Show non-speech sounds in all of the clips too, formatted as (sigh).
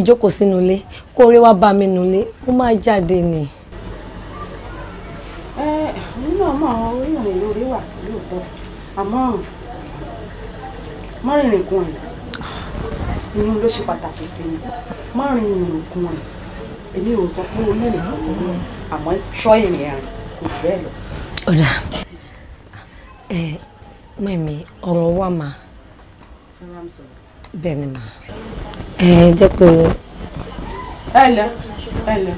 lè jókòó sínú ilé kó orí wá bá mi nù ilé ó máa jáde nì. ẹ nínú ọmọ àwọn orílẹ̀ lórí wà lóòótọ́ àmọ́ má rìnrìn kun ẹ̀ inú ló ṣe pàtàkì sí mi má rìnrìn kun ẹ̀ èmi ò sọ pé olóòrè kan kò lóyún àmọ́ ìrìn ẹ̀rìn kò bẹ́ẹ̀ lọ. ọ̀dà ẹ mẹ́mi ọ̀rọ̀ wà máa bẹ́ẹ̀ ni mà ẹ jẹ́ pé. ẹ lẹ ẹ lẹ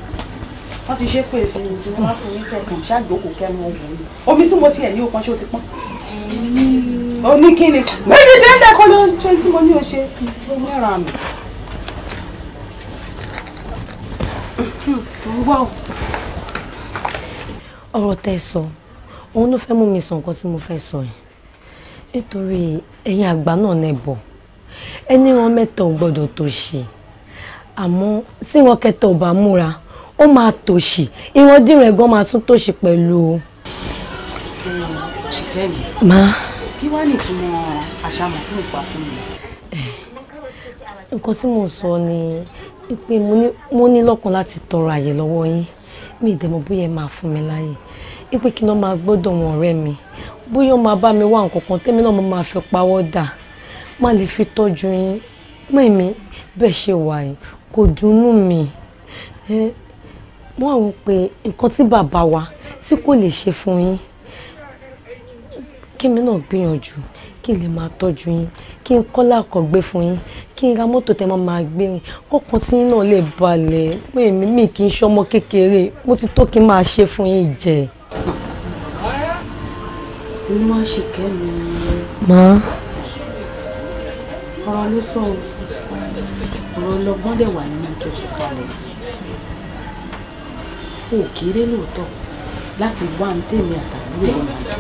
wọ́n ti ṣépè sí mi tí wọ́n bá fún mi kẹ̀kẹ́ ṣáàgbókò kẹ́mu ọ̀gbìn omi tí mo tiẹ̀ ní òpin ṣó ti pọ́n ó ní kí ni méjì dẹ́ndẹ́ kọ́ ló ń ṣe tí mo ní o ṣe mẹ́ra mi. ọ̀rọ̀ tẹ́ sọ òun ló fẹ́ mú mi sọ nǹkan tí mo fẹ́ sọ yìí nítorí ẹ̀yin àgbà náà nẹ̀ bọ̀ ẹni wọn mẹ́ta ò gbọ́dọ̀ tòṣì àmọ́ tí wọn kẹta ò bá múra ó máa tòṣì ìwọ̀n dìrò ẹ̀gbọ́n máa tún tòṣì pẹ̀lú o. ṣìkẹ́mi ma kí wàá ní ìtumọ̀ àṣàmọ̀kùn pa fún mi. nǹkan tí mo sọ ni pé mo ní lọ́kàn láti tọrọ àyè lọ́wọ́ yín mi ìdẹ̀mọ̀ bóyá ẹ máa fún mi láàyè ipe kí n lọ máa gbọ́dọ̀ wọn ọ̀rẹ́ mi bóyá ó máa bá mi wá nǹkan kan tẹ́mi náà mo máa fi pawọ́ dà má lè fi tọ́jú yín mẹ́mí bẹ́ẹ̀ ṣe wà yìí kò dunnú mi wọ́n àwọn pé nǹkan tí bàbá wa tí kò lè ṣe fún yín kí mi náà gbìyànjú kí n lè máa tọ́jú yín kí n kọ́ làkọ̀gbé fún yín kí n ra mọ́tò tẹ́ máa máa gbé yín kọ́kàn tí yín náà lè balẹ̀ pé mi kì í ṣọmọ kékeré mo ti tó kí n máa ṣe fún yín jẹ. olú máa ṣe kẹ́mi. máa ọ̀rọ̀ ló sọ o ọ̀rọ̀ ọlọ́gbọ́n dẹ̀ wà nínú tó sùn kalẹ̀ o kéré lóòótọ́ láti wá ní tèmi àtàbúrò ẹ̀ máa jẹ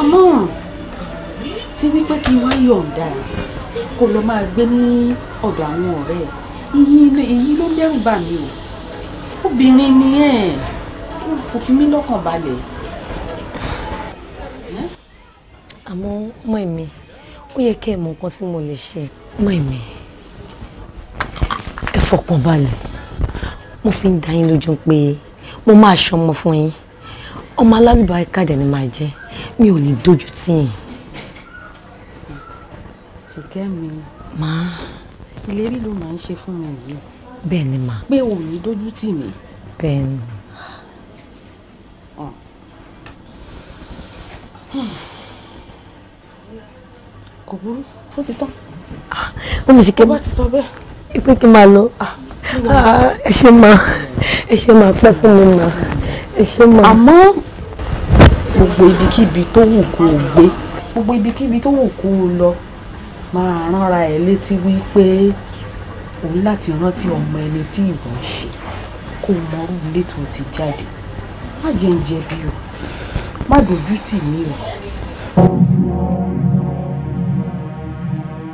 àmọ́ tí wípé kí n wá yọ̀ǹda kó lọ máa gbé ní ọ̀dọ̀ àwọn ọ̀rẹ́ ẹ̀ èyí ló dẹ́rù bà mí o obìnrin ni ẹ̀ kò fi mí lọ́kàn balẹ̀. àmọ́ mọ́ ẹ̀mí ó yẹ kẹ́ ẹ mọ nǹkan tí mo lè ṣe mọ̀mí ẹ fọkàn balẹ̀ mo fi ń dá yín lójú pé mo máa ṣọmọ fún yín ọmọ alálùbáríkà dẹ̀ ni màá jẹ́ mi ò lè dojú tì yín. ṣìkẹ́ mi máa. ìlérí ló máa ń ṣe fún mi yìí. bẹ́ẹ̀ ni màá. pé òun ní dojú tì mí. bẹ́ẹ̀ ni. Hmm kò burú ó ti tán. Ah, mọ́mí sì kí n bá ti sọ bẹ́ẹ̀. ipe kí n máa lọ ah, ah, ẹ ṣe máa ẹ ṣe máa pẹ́ fún mi máa ẹ ṣe máa. àmọ́ gbogbo ibikíbi tó wù kó o gbé gbogbo ibikíbi tó wù kó o lọ máa ránra ẹ létí wípé òun láti rántí ọmọ ẹni tí ìwọ ń ṣe kó o mọ orú ilé ti jáde má jẹ́ ń jẹ̀bi o má dojú tì mí o.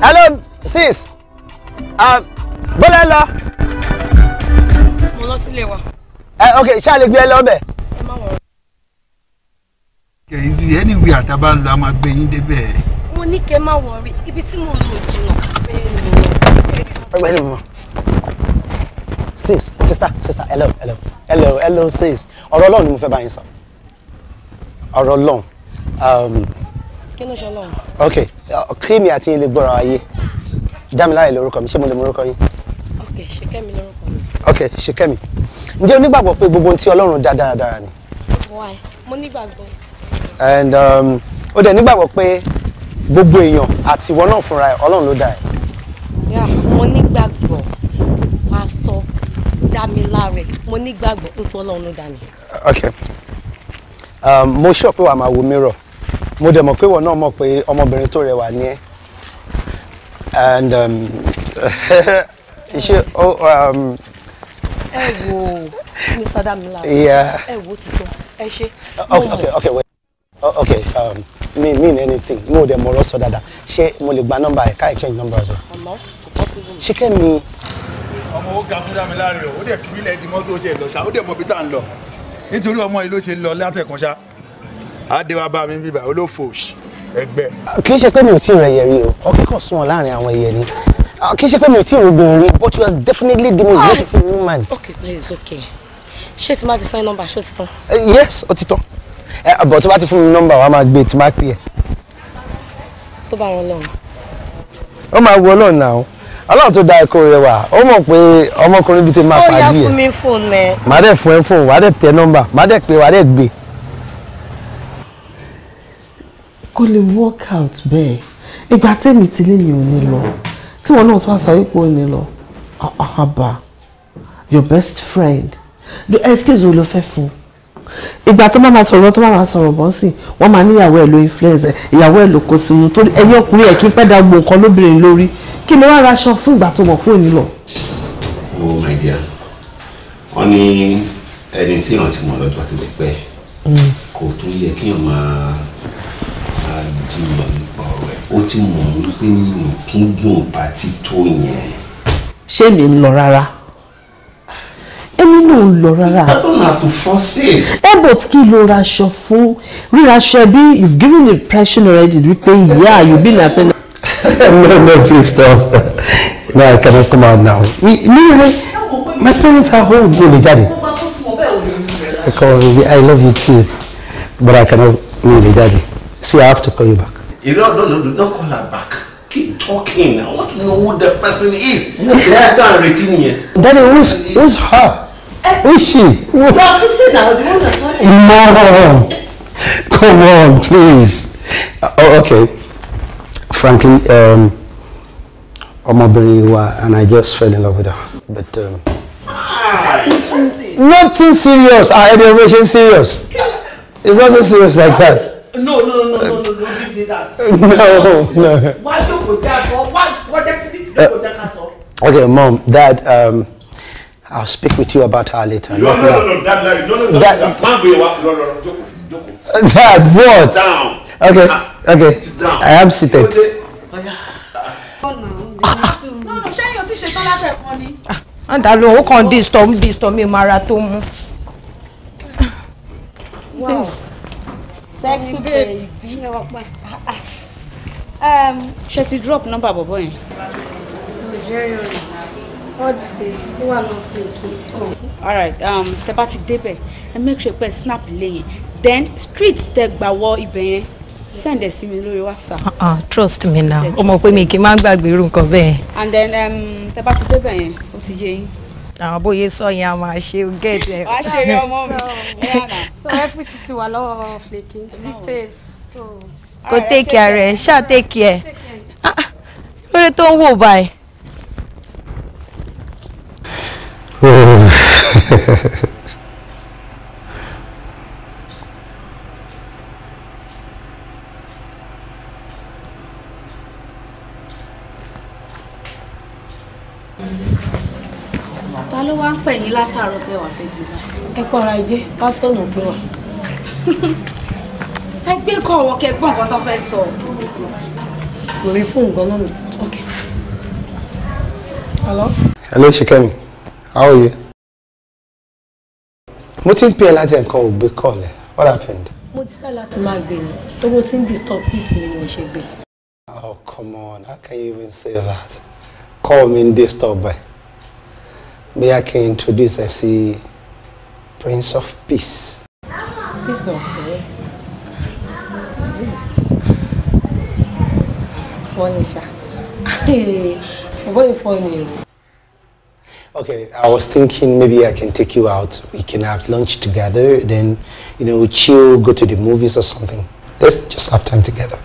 hello sis ah, bọ́lá ẹ lọ. mo lọ sílé wa. ẹ eh, ok ṣáà lè gbé ẹ lọ bẹ̀. ẹ má wọrọ. kẹ̀yìn sí anywhere àtàbà ń lọ a máa gbé yín débẹ̀. mo ní kẹ́ má wọrí ibi tí mo lò jìnnà. ọgbẹ́ni mo sis sister sister hello hello hello hello sis ọ̀rọ̀ Ọlọ́run ni mo fẹ́ bá yín sọ ọ̀rọ̀ Ọlọ́run. Um, kí ló ṣe lọ́hùn. ok kí mi àti ilé gbọ́ra ayé dámiláyè lórúkọ mi ṣé mo lè mú orúkọ yín. ok ṣèkẹ́mi lórúkọ mi. ok ṣèkẹ́mi ǹjẹ́ o nígbàgbọ́ pé gbogbo ohun tí ọlọ́run dá dáradára ni. why mo nígbàgbọ́. and um, o dẹ̀ nígbàgbọ́ pé gbogbo èèyàn àti ìwọ náà fúnra ẹ̀ ọlọ́run ló dá ẹ̀. yà mo nígbàgbọ́ pásítọ̀ dámiláre mo nígbàgbọ́ pé ọlọ́run ló dá mi. ok um, mo sọ pé wàá máa wo mirror mo dẹ̀ mọ̀ pé ìwọ náà mọ̀ pé ọmọbìnrin tó rẹwà ni ẹ́ and um, (laughs) ṣé ó. Um, ẹ wo Mr. Damila ẹ wo ti ẹ ṣe. okay okay wait oh, okay um, mean mean anything mo dẹ̀ mọ̀ ọ̀rọ̀ sọ dáadáa ṣé mo lè gba nọ́mbà ẹ̀ ká exchange number ọ̀sẹ̀. ọmọ kò possible. ṣé kẹ́mi. ọmọ ó ga fún Damila rẹ o ó dẹ̀ fi ilẹ̀ di mọ́tò ṣe lọ ṣá ó dẹ̀ mọ ibi tá à ń lọ nítorí ọmọ yìí ló ṣe lọ látẹ̀kọ́ṣá àdéhùn abá mi bíbá olófò òsì ẹgbẹ́. kì í ṣe pé mi ò tí ì rẹ yẹri o ọkẹ kàn sún ọ láàrin àwọn ẹyẹ ni kì í ṣe pé mi ò tí ì rúgbìn orí but you are definitely the most ah! beautiful woman. okay please okay ṣé tí máa ti fẹ́ nọ́mbà ṣó ti tán. Eh, yes ó ti tán eh, bọ̀ tó bá ti fún mi nọ́mbà wa máa gbé tí máa pè é. tó bá rán lọ́run. ó máa wọ ọlọ́run náà ọlọ́run tó dá ẹ̀kọ́ rẹ wá ó mọ̀ pé ọmọkùnrin bíi ti máa pàdé ẹ̀. ó yá fún mi fóònù ẹ̀. màá dẹ̀ fún ẹ fóònù wàá dẹ̀ tẹ nọ́mbà màá dẹ̀ pé wàá dẹ̀ gbé. kó lè work out bẹ́ẹ̀ ìgbà tẹ́mi ti lé ò ní lọ tí wọn náà tún wá sọ ní lọ àbá your best friend the excuse wo ló fẹ́ fún ìgbà tó máa sọ̀rọ̀ tó máa sọ̀rọ̀ bọ́ sí wọ́n máa níyàwó ẹ̀ ló influence ẹ̀ ìyàwó ẹ̀ ló kó sí mu torí ẹ̀yìn ọkùnrin ẹ̀ kí n pẹ́ da gbogbo lóbìnrin lórí kí ni wọ́n ra aṣọ fún ìgbà tó mọ̀ pé ní lọ. oh my dear wọ́n ní ẹni téèyàn ti mọ̀ lọ́jọ́ àti ti pẹ́ hmm. kò tún yẹ kéèyàn máa máa jiyàn nípa ọ̀rọ̀ ẹ̀ ó ti mọ̀ wípé nǹkan gùn bá ti tó yẹn. ṣé mi ń lọ rárá èmi náà ń lọ rárá. I don't have to force it. Ebot kí ló raṣọ fún ríraṣọ bí you've given the impression already wípé yeah you been at ten. (laughs) no no please stop no I cannot come out now we me really my parents are home mi ò lè jáde I call I love you too but I cannot mi ò lè jáde. See, I have to call you back. You don't, no, no, do not call her back. Keep talking. I want to know who the person is. have Yeah, I'm waiting here. Daddy, who's, who's her? Uh, eh. who's she? Who? Your sister now, the one that's talking. No. Come on, please. Uh, oh, okay. Frankly, um, a wa and I just fell in love with her. But um, ah, that's interesting. Nothing serious. Our education serious. It's nothing serious like that. No, no, no, no, no, no, don't give me that. No, no. Why don't we there for? Why? What destiny? Don't go there for. Okay, mom, dad, um, I'll speak with you about her later. No, no, no, no, dad, Larry, no, no, no, dad, man, we no, no, no, joko, joko. Dad, what? down. Okay, uh, okay. Sit down. I am seated. No, no, ṣé yóò ti ṣe tán látẹ̀kọ́ ni? Àǹdà ló ń kàn disturb disturb mi mara Wow sexy baby. Um, ṣe ti drop number bọ̀bọ̀ yẹn. Oh. all right. Um. tẹ bá ti débẹ̀ ẹ make sure pé snap ilé then street tẹ gbà wọ ibẹ̀ yẹn send ẹ sí mi lórí whatsapp. Uh -uh, trust me now o pé mi kì í má gbàgbé irú nǹkan bẹ́ẹ̀. and then um, tẹ bá ti débẹ̀ yẹn ó ti yé yín àwọn bóyá sọ yẹn a máa ṣe o get ẹ. wàá ṣe eré ọmọ mi (laughs) so everything ti wà lọ́wọ́ flaky details so. kò take care rẹ ṣáà take care ah, ah. lórí tó ń wò báyìí. (laughs) pè ní látàárọ̀ tẹ́ wà fẹ́ dé ẹ kọ́ ara ẹjẹ́ pásítọ̀ pé wà. ẹ gbé kọ́ wọn kẹ gbọ́ nǹkan tó fẹ́ sọ. lórí fún nǹkan náà ok. hello. hello Ṣìkẹ́mi how are you. mo ti ń pè é láti ẹ̀kan ògbé kọ́ọ̀lẹ̀ what happened. mo ti sá láti máa gbé ni owó tí ń disturb peace mi ni ṣe gbé. oh come on how can you even say that call me disturb. Eh? may I can introduce ẹ sí Prince of Peace. Prince of Peace. Furniture. Very (laughs) funny. Okay, I was thinking maybe I can take you out. We can have lunch together, then, you know, chill, go to the movies or something. Let's just have time together.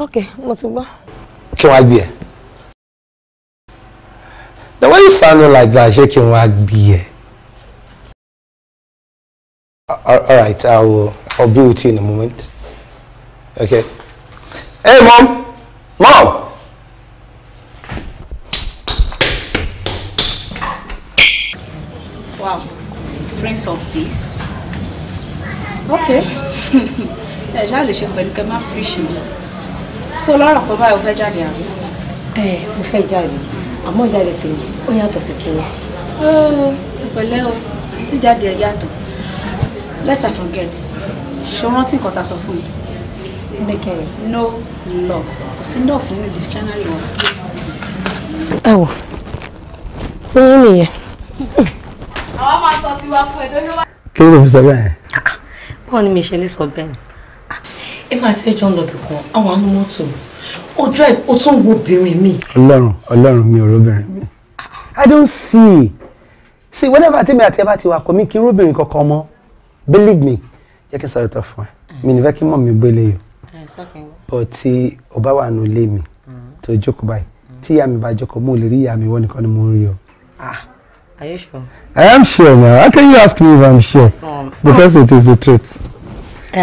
ok mo ti gbọ́. kí wọ́n á gbé ẹ the way you sound like that ṣé kí wọ́n á gbé ẹ. all right i will i'll be with you in a moment okay hey mom mom. wow prince of peace okay (laughs) ẹ ṣáà lè ṣe pẹ̀lú kẹ́ appreciate so lọ́rọ̀ kan báyìí o fẹ́ jáde àbí. ẹ mo fẹ́ jáde àmọ́ jáde tèmi ó yàtọ̀ sí tiwọn. ìpẹ̀lẹ́ o tí jáde ẹ̀ yàtọ̀ let's not forget ṣé o rántí nǹkan ta sọ fún mi. bẹ́kẹ̀rẹ̀. no love kò sí love nínú dictionary wọn. ẹ wò ṣé yín nìyẹn. àwa máa sọ tiwa fún ẹ tó ṣe kí ló fi sọ bẹ́ẹ̀. báwo ni mi ṣe lè sọ bẹ́ẹ̀ ẹ máa ṣe ẹjọ́ ń lọ bìkan àwọn àánú mọ́tò ó drive ó tún wo obìnrin mi. ọlọ́run ọlọ́run mi ò róbìnrin mi. i don't see see whenever tèmi àti ẹ bá ti wà kọ́ mi kí róbìnrin kankan mọ́ believe me jẹ́ kí n sọ̀rọ̀ tán fún ẹ mi nífẹ̀ẹ́ kí mọ̀ mi gbélé yìí but tí o bá wà nù lé mi tó jókòó báyìí tí ìyá mi bá jókòó mo lè rí ìyá mi wọ́n nìkan ni mo ń rí o. Ah, are you sure? I am sure now. How can you ask me if I'm sure? Because it is the truth.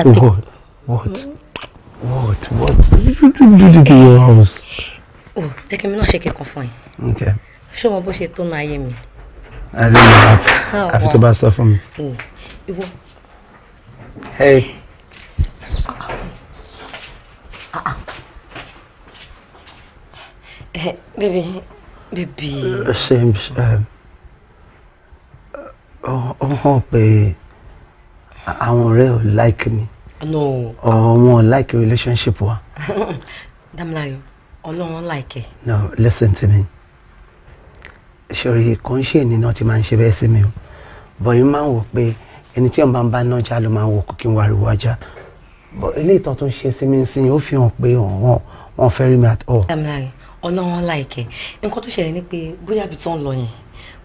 What? What? What? What? You do, do this your house. Oh, jẹ́ kí mi náà ṣe kẹ́kọ̀ọ́ fún ẹ. Okay. Ṣé wọn bó ṣe tó náà ayé mi? I don't know. Àfi ah, tó bá sọ fún mi. Hmm. Ìwọ. Hey. Bébí, bébí. Ṣé ọ̀hún pé àwọn ọ̀rẹ́ ò like me. No. Oh, more like a relationship wa. (laughs) Damlayo, no, like it. No, listen to me. Ṣorí conscience ń not ìnìna tí máa ń ṣe bẹ́ẹ̀ sí mi o. Bọ̀yìn máa ń wò pé ẹni tí ọ̀nba ń bá nájà ló máa ń wò kó kí n wariwo ajá. Bọ̀ ilé ìtàn tó ń ṣe sí mi sí yìí fi hàn pé wọ́n wọ́n fẹ́ rí mi at all. Damlayo, Ọlọ́run like ẹ. Nǹkan tó ṣẹlẹ̀ ni pé bóyá ibi tí wọ́n lọ yẹn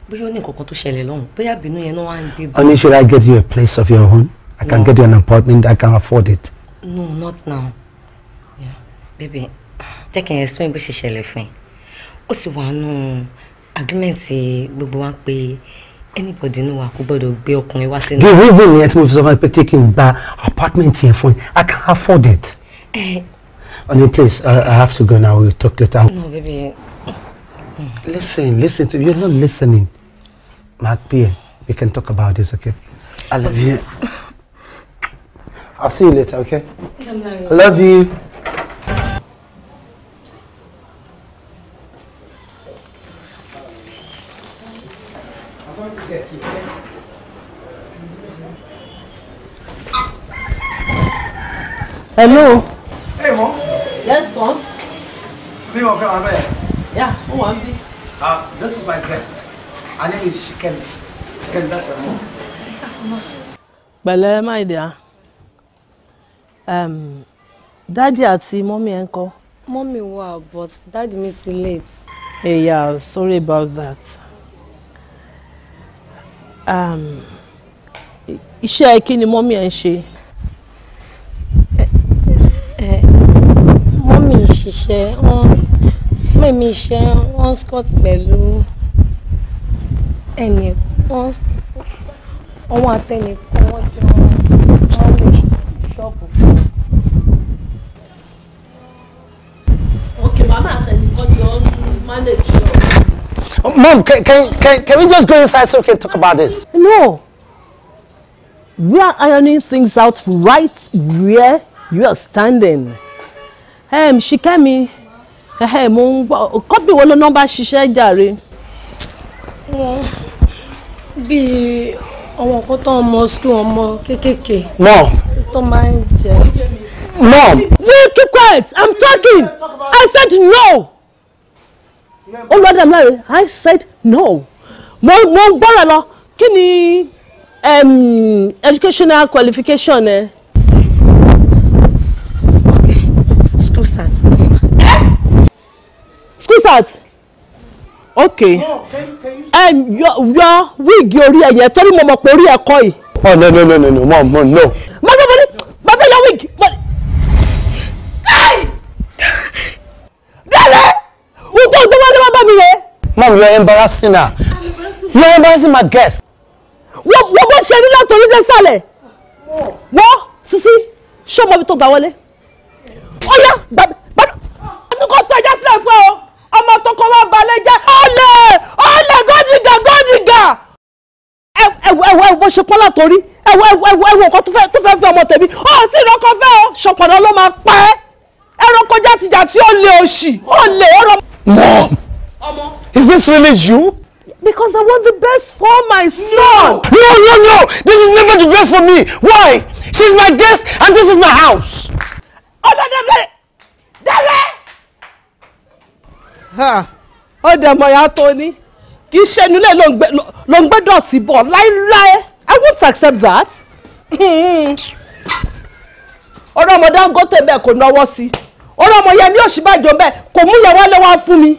bóyá ó ní nǹkan kan tó ṣẹlẹ̀ lọ́hùn bóyá ìbínú yẹn náà wá ń should I get you a place of your own? I can no. get you an apartment. I can afford it. No, not now. Yeah. Baby, jẹ́ kí n explain bó ṣe ṣẹlẹ̀ fún ẹ. Ó ti wà nù agreement gbogbo wa pé anybody nù wa kò gbọ́dọ̀ gbé ọkùnrin wá sínú. The reason yẹn tí mo fi sọ fún ẹ pé take him gba apartment yẹn fún ẹ, I can afford it. Eh. Honey, please, I, I have to go now. We'll talk later. No, baby. Mm. Listen, listen to you. You're not listening. Mark Pierre, we can talk about this, okay? I love you. (laughs) I'll see you later, okay? I love you. Hello. Hey, mom. Yes, son. Me, mom, come on, Yeah, who am I? Uh, this is my guest. Her name is Shikemi. Shikemi, that's her mom. That's her mom. Pẹ̀lẹ́, my dear. Daddy, àti mọ́mí ẹ̀ ń kọ́. Mommy, wà but daddy mi ti late. Hey, eh, yeah, sorry about that. Um, iṣẹ́ kí ni mọ́mí ẹ̀ ń ṣe. Eh, eh, mọ́mí ṣiṣẹ́ wọ́n mẹ́mí iṣẹ́ wọ́n scott pẹ̀lú ẹnì wọ́n àtẹnìkan wọ́n jọ wọ́n lè ṣọ́ọ̀bù. Mom, can, can, can, can we just go inside so we can talk about this? No. We are ironing things out right where you are standing. Um, Shikemi, hey, ehm, mo ń gbọ́, kọ́bí wo ló nọ́mbà number she Wọ́n Jerry? àwọn kan tó ọmọ school ọmọ kéékèèké. Mom. Tó máa ń jẹ. Mom. You keep quiet. I'm you talking. Talk I said no. Olúwadé oh, Amúláyé, I said no. Mo mo ń gbọ́rọ̀ lọ. Kí ni um, educational qualification ẹ? Okay, school start. School start? Okay. No, oh, can, can you... um, yọ yọ wíìgì orí ẹ̀yẹ torí mo mọ̀ pé orí ẹ̀kọ́ yìí. Oh no no no no no mom mom no. Mom, you are embarrassing her. You're embarrassing my guest. Wọ́n wọ́n bó ṣe rí látòrí dé sálẹ̀. Wọ́n sisi ṣọ́mọ mi tó gbà wọlé. Ó yá gbàgbé gbàgbé. Ẹnu kò sọ ẹja sílẹ̀ fún ọ. Ọmọ tó kọ wá balẹ̀ jẹ́. Ọ̀lẹ̀ ọ̀lẹ̀ gọ́dìgà gọ́dìgà. Ẹ̀wọ̀ ẹ̀wọ̀ bó ṣe pọ́n látòrí. Ẹ̀wọ̀ ẹ̀wọ̀ ẹ̀wọ̀ nǹkan tó fẹ́ fi ọmọ tèmi. Ó sì rọ́kọ fẹ́ ọ. Ṣọ̀pọ̀nà ló máa pa ẹ́. Ẹranko jàtijàti ó lé oṣì. Ó lè ọ̀rọ̀. Mọ̀. Ọmọ. Is this really you? Because I want the best for my son. No, no, no, no. This is never the best for me. Why? She's my guest and this is my house. Ọlọ́dẹ̀mẹ̀ dẹ́rẹ́. Ọ̀dẹ̀mọ̀yà tó ní kì í ṣe nílé ló ń gbé dọ̀tí bọ̀ láéláé. I won't accept that. Ọ̀rọ̀ ọmọ Dangote bẹ́ẹ̀ kò náwó sí. Ọ̀rọ̀ ọmọ Yẹmí Ọ̀ṣínbàjò bẹ́ẹ̀ kò mú yẹn wá lọ́wọ́ fún mi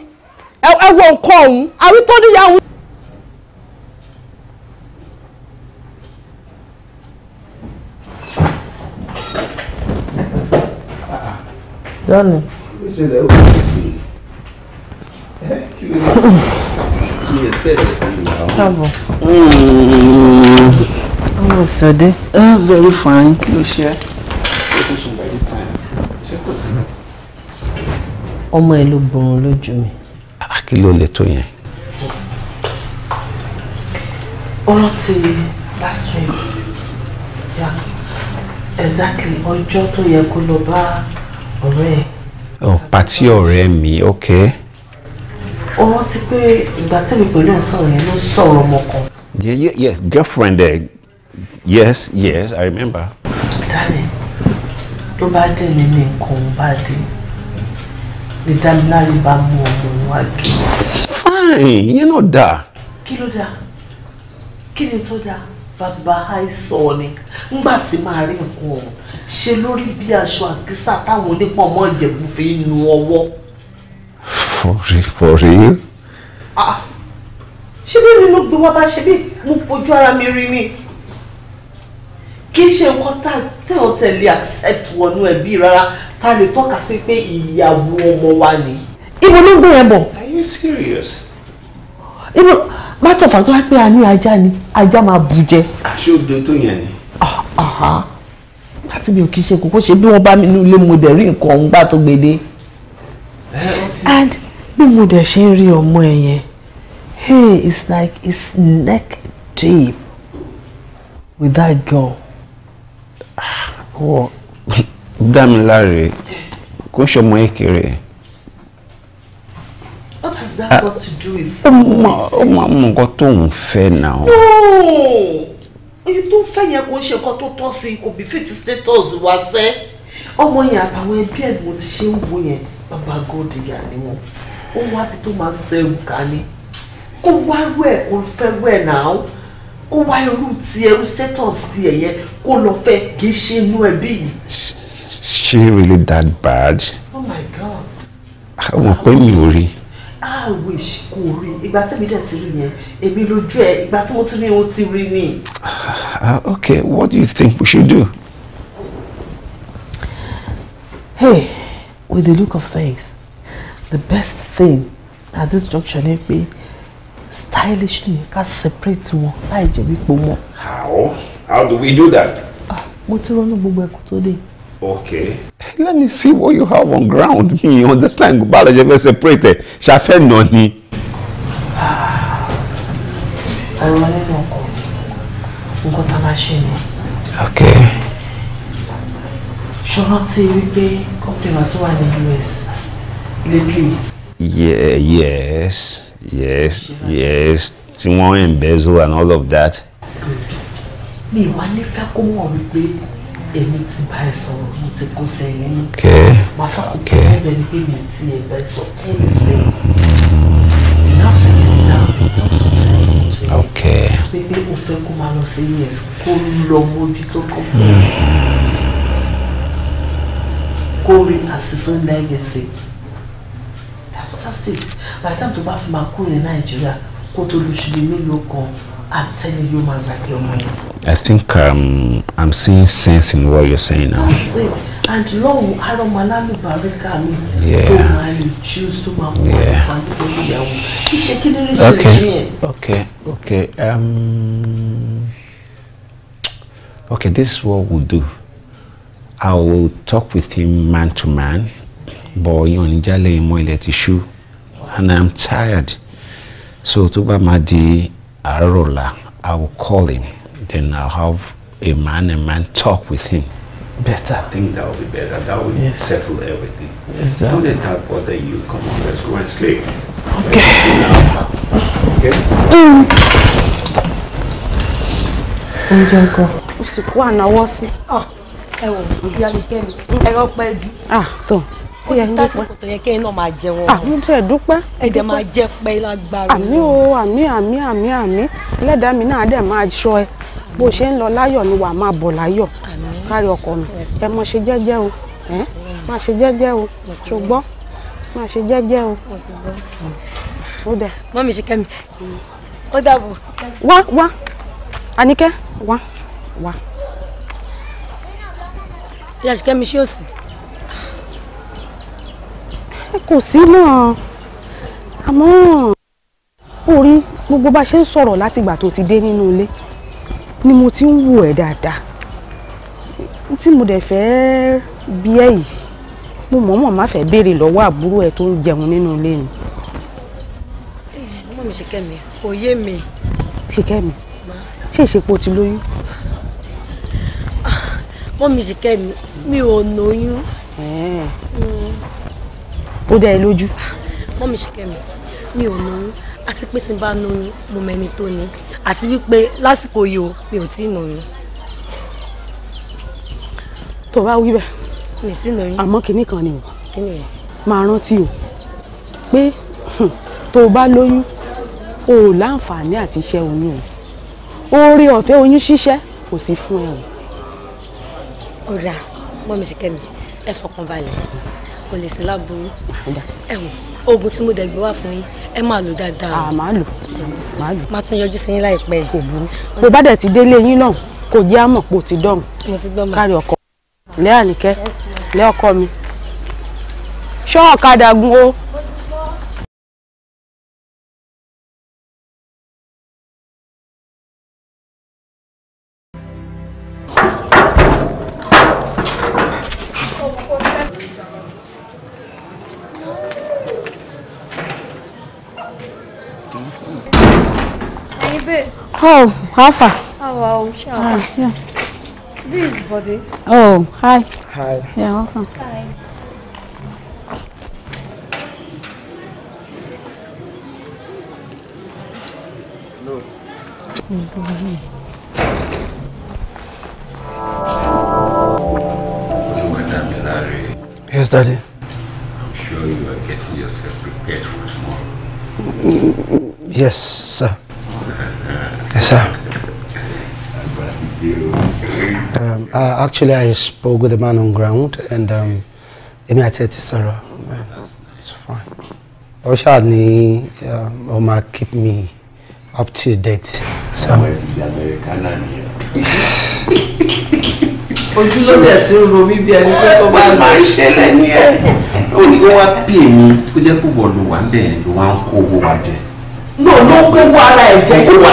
ẹ wo nǹkan ọ̀hún àwí tó níyàwó. lọ́nà. káàbọ̀. Hmm. very fine kí ló ṣe ọmọ ẹ ló borun lójú mi kí ló lè tó yẹn. ó rántí last week yeah. exactly ọjọ́ tó yẹ kó lọ bá ọ̀rẹ́ ẹ̀. ọ̀ oh, pàtí ọ̀rẹ́ mi ok. ó rántí pé ìgbà tèmi pẹ̀lú ẹ̀ sọ̀rọ̀ yẹn ló sọ̀rọ̀ ọmọ kan. yes girlfriend ẹ yes yes i remember. darling ló bá dé mi ní nǹkan bá dé mi ìdániláre bá mú ọmọ wa fine ìyẹn náà dáa. kí ló dáa kí ni tó dáa bàbá àìsàn ni ngbà tí màá rí nǹkan ọ̀hún ṣe lórí bí aṣọ àkísà táwọn onípọ̀ ọmọ ìjẹ̀bù fi ń nu ọwọ́. fọ̀rí fọ̀rí. Ah, ṣé bí mi ló gbé wá bá ṣe bí mo fojú ara mi rí ni kì ṣe nǹkan tá tẹ́ ọ tẹ̀lé accept wọnú ẹbí rárá ta lè tọ́ka sí pé ìyàwó ọmọ wa ni. ibo ló ń gbé yẹn bọ̀. are you serious. ibo mátọ̀fà tó wá pé a ní ajá ni ajá máa bù jẹ. àṣé òde tó yẹn ni. Ah, láti mi ò kì í ṣe kókó ṣe bí wọ́n bá mi ní ilé mo dẹ̀ rí nǹkan ọ̀hún gbà tó gbede. Eh, and bí mo dẹ̀ ṣe ń rí ọmọ ẹ̀ yẹn hey it's like it's neck deep with that girl wọ dámiláre kò ń ṣọmọ ékeré. what has that ah, got to do with. ó mọ ó mọ àwọn nǹkan tó ń fẹ́ náà. no èyí tó ń fẹ́ yẹn kò ń ṣe nǹkan tó tọ́ sí kò bí fìtì status wá sẹ́ ọmọ yẹn àtàwọn ẹbí ẹ̀ mo ti ṣe ń wo yẹn bàbá gòdì yà ni wọn ó wá bí tó máa ṣẹrù ká ní kó wá wẹ̀ kó fẹ́ wẹ̀ náà kó wá irú ti ẹrú status ti ẹ kó lọ fẹ́ kì í ṣe inú ẹbí yìí. she really that bad. oh my god. àwọn ah, pé mi ò rí. a wish kò rí ìgbà tẹ́mi dẹ̀ ti rí yẹn èmi lójú ẹ ìgbà tí mo ti rí wọn ti rí ni. Ah, ah, okay what do you think we should do. hey with the look of things the best thing at this juncture ni pé stylish ni ká separate wọn láì jẹ́ wípé wọn. how how do we do that. ah mo ti ronú gbogbo ẹ̀kọ́ tó dé. okay. let me see what you have on ground mi understand báwo ṣe fẹ́ separate ẹ̀ ṣàfẹ́ nà ni. Ah, ọ̀rọ̀ nínú ọkọ̀ nǹkan tá a máa ṣe ni. okay. ṣọ́nà tí wípé kọ́pìnà tó wà ní US lè bí. yes yes yes tí wọ́n embezzle and all of that. mi ìwà nífẹ̀ẹ́ kó mọ̀ wípé èmi ti bá ẹ sọ̀rọ̀ mo ti kó sẹ́yìn nínú. kẹ́ máa fẹ́ kó kẹ́ tẹ́lẹ̀ ní pé mi ti ẹ̀ bá sọ ẹ̀ẹ́dẹ̀fẹ́ you now sit down and talk some sense into it. okay. o fẹ́ kó máa lọ sí us kó lọ mójútó kọ́ pé mm-hmm. kó rí àṣìṣe legacy just it by the time tó bá fi máa kúrò ní nàìjíríà kó tó lóṣù bíi mélòó kan I'm telling you man gbàgbé your money. I think um, I'm seeing sense in what you're saying now. That's it. And lọ́wọ́ arọ́mọ alálùbáríkà mi tó máa lè choose tó máa mú àwọn ìfàmì lórí ìyàwó. Kí ṣe kí ṣe ṣe yẹn? Okay, okay, um, okay, this is what we'll do. I will talk with him man to man bọ̀ ọyàn níjàlẹ̀ ìmọ̀ ilẹ̀ ti ṣú and i'm tired so tó bá máa di àárọ̀ ọ̀la i will call him then i'll have a man and man talk with him. better. I think that will be better. That will yes. settle everything. Exactly. Don't let that bother you. Come on, let's go and sleep. Okay. Okay. Mm. Oúnjẹ nǹkan. Oṣù kú ànáwọ́ sí. Ah, ẹ wò ó, ìyá lè kẹ́ mi. Ẹ rọ́pẹ́ jù. Ah, tó ó ti tásìkò tó yẹ kẹ́yìn náà máa jẹun. àwọn ah, tẹ dúpẹ́. ẹ̀jẹ̀ máa jẹ pẹ́ lágbára. àmì o àmì àmì àmì àmì ẹlẹ́dàá mi náà dẹ̀ máa ṣọ́ ẹ bó ṣe ń lọ láyọ̀ ni wàá máa bọ̀ láyọ̀ kárí ọkọ mi ẹ mọ ṣe jẹ́jẹ́ o ẹ má ṣe jẹ́jẹ́ o ṣùgbọ́n má ṣe jẹ́jẹ́ o ó dẹ̀. mọ́mí ṣe kẹ́mi ó dàbọ̀. wá wá Àníkẹ́ wá wá. ìyá kẹ́mi ṣé ò kò sí náà àmọ́ orí gbogbo bá ṣe ń sọ̀rọ̀ láti ìgbà tó ti dé nínú ilé ni mo ti ń wò ẹ́ dáadáa tí mo dẹ̀ fẹ́ bí ẹ yìí mo mọ̀ọ́mọ̀ má fẹ́ béèrè lọ́wọ́ àbúrò ẹ tó ń jẹun nínú ilé ni. ọmọ mi ṣe kẹ́mi òye mi. ṣe kẹ́mi ṣe ìṣepò ti lóyún. Ah, mọ́ mi ṣe kẹ́mi mi ò lóyún ó dá ẹ lójú. mọ́mí ṣìkẹ́mi mi ò lóyún àti pé tí n bá lóyún mo mẹni tó ni àti wípé lásìkò yìí o mi ò tí ì lóyún. tó bá wí bẹ́ẹ̀. mi ò tí ì lóyún. àmọ́ kinní kan ni o. kinní yẹn. máa rántí o pé hmm, tó o bá lóyún o ò láǹfààní àti iṣẹ́ oyún o oore ọ̀fẹ́ oyún ṣíṣẹ́ kò sí fún ẹ o. ọ̀rà mọ́mí ṣìkẹ́mi ẹ fọkàn balẹ̀ kò lè sí láburú ẹ̀wọ̀n oògùn tí mo dẹ̀ gbé wá fún yín ẹ máa lò dáadáa. àà lò máa lò. máa tún yọjú sí yín láìpẹ́. kò burú bó bá dẹ̀ ti délé yín náà kò jẹ́ àmọ̀ pò ti dọ̀hùn. mo ti gbọ́ mọ́. kárí ọkọ lẹ́ àníkẹ́ lẹ́ ọkọ mi ṣọ́ gun o. Oh, how far? Hello, oh, Hi, ah, yeah. This is body. Oh, hi. Hi. Yeah, welcome. Hi. No. Yes, Daddy. I'm sure you are getting yourself prepared for tomorrow. Yes, sir. Uh, actually, I spoke with the man on ground, and um, èmi tell ẹ Sarah, sọ̀rọ̀. It's fine. Osha ni ó máa keep me up to date. So. ojúlówó ẹ̀ tí ń ro mí bí ẹni pé tó bá lọ. máa ń ṣẹlẹ̀ ní ẹ̀ ó ní ó wá pè mí ó jẹ́ kó wọ̀ ló wà ń bẹ̀ ló wá ń kó owó wa jẹ no no, ń kówó ara ẹ̀ jẹ. kó wà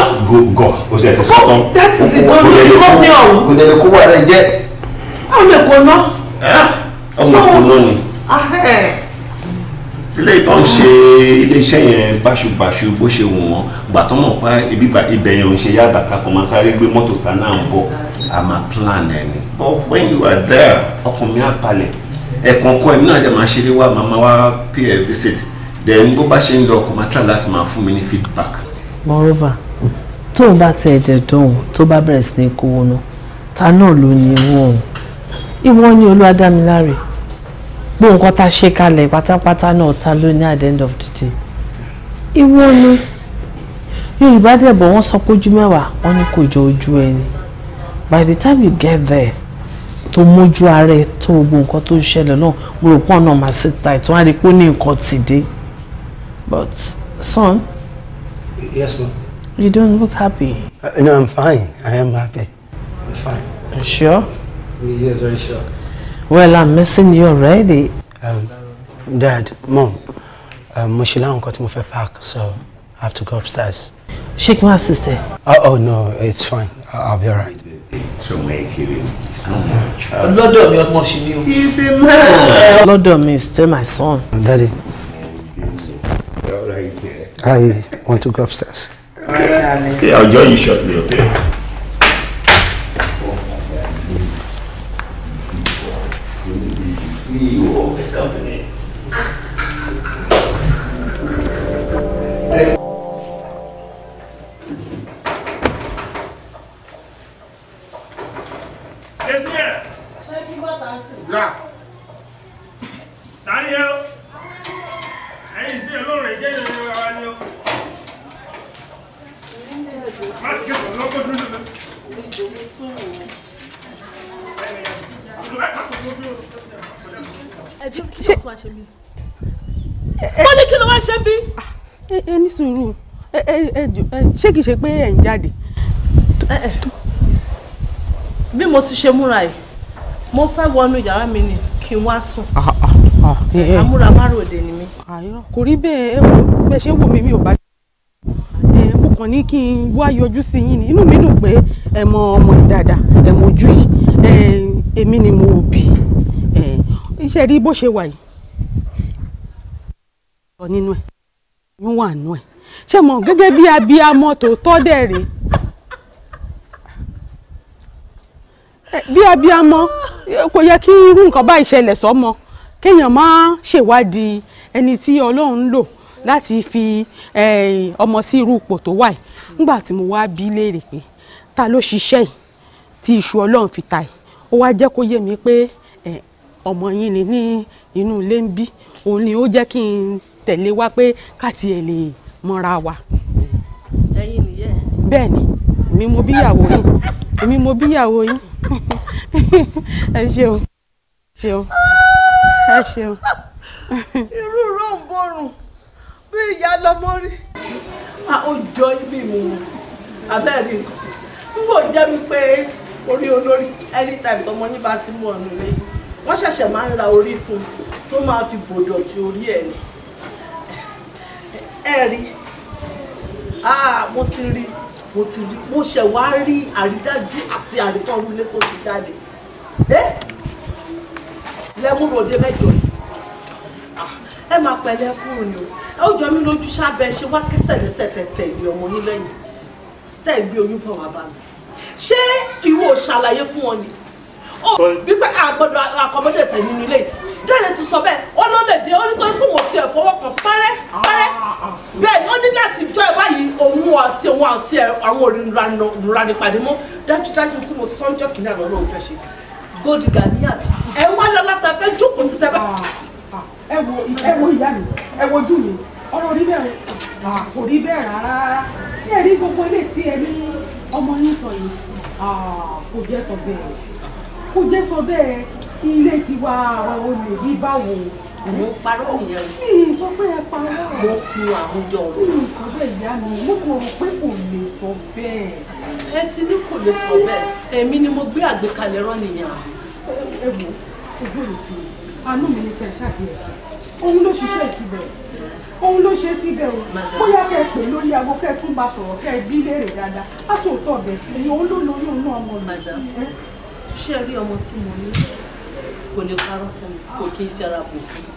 gọ o ṣe ti sọtán. that is it don really come me on. kò dẹ̀ lè kówó ara ẹ̀ jẹ. a ò lè kó ná. ọmọ kò ná ni. ilé ìtàn ṣe iléeṣẹ́ yẹn báṣubàṣu bó ṣe wù wọ́n gbà tó mọ̀ pa ibẹ̀ yẹn ò ń ṣe yá àgbàkà kan máa sáré gbé mọ́tò kan náà ń bọ̀ a máa plan ẹ̀ ni. but when you are there ọkùnrin mi á palẹ̀ ẹ̀ẹ̀kan kọ́ ẹ̀mí náà jẹ́ máa ṣeré wá màmá wá pay a visit then bó bá ṣe ń lọ kò máa try láti máa fún mi ní feedback. moreover tóun bá tẹ ẹ̀jẹ̀ dọ̀hún tó bá bẹ̀rẹ̀ sí ní kówó ná ta náà ló ní owó ọ̀hún ìwọ ni olúwadámiláre gbogbo nǹkan tá a ṣe kalẹ̀ pátápátá náà ta ló ní at the end of the day ìwọ ni yorùbá dẹ̀bọ̀ wọ́n sọ pé ojú mẹ́wàá wọ́n ní kò jọ ojú ẹni by the time you get there tó mójú ara ẹ tó gbogbo nǹkan tó ń ṣẹlẹ̀ náà mo rò náà máa sì ta ìtàn á rí pé ó ní nǹkan tì dé. But, son. Yes, ma'am. You don't look happy. Uh, no, I'm fine. I am happy. I'm fine. You sure? Yes, very sure. Well, I'm missing you already. Um, Dad, Mom, Mushila um, ṣe láwọn nǹkan park, so I have to go upstairs. Shake my sister. wá uh, Oh, no, it's fine. I'll be alright. So make it it's child. Lọ́dọ̀ mi ọmọ ṣì He's a man. Lọ́dọ̀ mi is still my son. Daddy. I want to go upstairs. Okay. Yeah, I'll join you shortly, okay? ṣé kìí ṣe pé ẹ̀ ń jáde. bí mo ti ṣe múra yìí mo fẹ́ wọnú yàrá mi ni kí n wá sùn àmúra ah, ah, ah, eh, eh. márùndé ni mí. kò rí bẹ́ẹ̀ ẹ wò bẹ́ẹ̀ ṣe wò mí mi ò bá jẹ́ eh, mo kàn ní kí n wá yọjú sí yín ni inú mi dùn pé ẹ mọ ọmọ yìí dáadáa ẹ mọ ojú yìí èmi ni mo bí iṣẹ́ rí bó ṣe wà yìí nínú ẹ̀ yín wà nínú ẹ̀ ṣe mọ̀ gẹ́gẹ́ bí abiyamọ tòótọ́ dẹ̀ rè bí abiyamọ kò yẹ kí irú nǹkan bá ìṣẹ̀lẹ̀ sọ́mọ kéèyàn má ṣèwádìí ẹni tí ọlọ́run lò láti fi ọmọ sí irú ipò tó wà yìí nígbà tí mo wá bí léèrè pé ta ló ṣiṣẹ́ yìí tí iṣu ọlọ́run fi ta yìí ó wá jẹ́ kó yé mi pé ọmọ yín ni ní inú ilé ń bí òun ni ó jẹ́ kí n tẹ̀lé wá pé ká tiẹ̀ lè mọ́ra wa. ẹ̀yin nìyẹn. bẹ́ẹ̀ ni èmi mo bíyàwó yín èmi mo bíyàwó yín ẹ ṣeun ṣeun ẹ ṣeun. irú rọ̀ǹbọ̀rùn bí ìyá lọmọ rí ó jọ ibi ìwòrán abẹ́rẹ́ nǹkan n kò jẹ́ mi pé orí olórí anytime tọmọ yín bá ti mú ọ̀nà rẹ wọ́n ṣẹ̀ṣẹ̀ máa ń ra orí fún un tó máa fi bòdò ti orí ẹ̀ ni ẹ ah, mo ti rí mo ti rí mo ṣẹ̀ wá rí àrídájú àti àrítọ́rúlé tó ti jáde lẹ́múrò òde mẹ́jọ yìí ah, ẹ máa pẹ̀lẹ́ kúrò ni o ẹ ó jọ mí lójú sábẹ́ ṣe wá kẹsẹ̀ lẹ́sẹ̀ tẹ̀tẹ̀ ní ọmọ yín lẹ́yìn tẹ̀ gbé oyún bọ̀ wá bá mi ṣé ìwọ ò ṣàlàyé fún wọn ni ó gbígbẹ́ àgbọ̀dọ̀ àkọ́mọ́dé tẹ̀ nínú ilé yìí Dẹ́rẹ́ ti sọ bẹ́ẹ̀ ó ló lè dé ó nítorí pé mo ti ẹ̀ fọwọ́ kan pẹ́rẹ́ pẹ́rẹ́ bẹ́ẹ̀ ni ó ní láti jọ ẹ̀ báyìí òun àti òun àti àwọn olùranipàdé mọ́ dájúdájú tí mo sọ́njọ́ kìíní àná ló ń fẹ́ ṣe gold ghanian ẹ wá lọ́la ta fẹ́ jókòó ti tẹ́lẹ̀. ẹ wo ẹ wo ìyá mi ẹ wojú mi ọ̀rọ̀ rí bẹ́ẹ̀ kò rí bẹ́ẹ̀ rárá ní ẹ̀rí gbogbo ilé tí ẹ ní ọmọ yín sọ yìí kò jẹ́ sọ bẹ́ẹ̀ kò jẹ́ sọ bẹ́ẹ̀ ilé ti wá àwọn olè bí báwo. mo parọ́ nìyẹn. mi ì sọ pé ẹ parọ́. mo ku àwùjọ rẹ. mi ì sọ bẹ́ẹ̀ ìyá mi mo kàn rò pé kò lè sọ bẹ́ẹ̀. ẹ ti ní kò lè sọ bẹ́ẹ̀ èmi ni mo gbé àgbékalẹ̀ rán nìyẹn. ẹ wo ojú rẹ fi àánú mi ní fẹ́ ṣàtìyẹ̀ ṣe òun ló ṣiṣẹ́ ìtibẹ̀ òun ló ṣe síbẹ̀ o bóyá kẹ pè lórí aago kẹ tún bá sọ̀rọ̀ kẹ bí léèrè dáadáa á sòótọ́ ọ̀bẹ̀ fún mi òun kò lè parọ́ fún mi kò kí n fi ara bò fún mi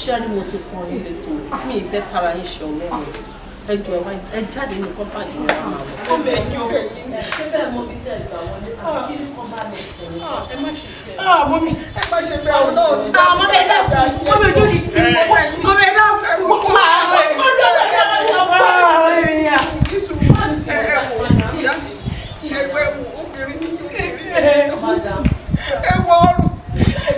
ṣẹ́rí mo ti kan ilé tó mi ìfẹ́ tara yín ṣe ọlọ́run ẹ jọ ẹ jáde ní kọ́pàdé mi ra ah, màá. ó bẹ jó. ṣé bẹ́ẹ̀ mo fi tẹ̀ gbà wọlé àbí ah. kí ni kò bá ah, ẹ má ṣe bẹ́ẹ̀. ah mọ́mí ẹ má ṣe bẹ́ẹ̀ o. àwọn ọmọ ẹ̀dá mọ́mí ojú ni ti mọ́mí ẹ̀dá máa ń bẹ̀rẹ̀.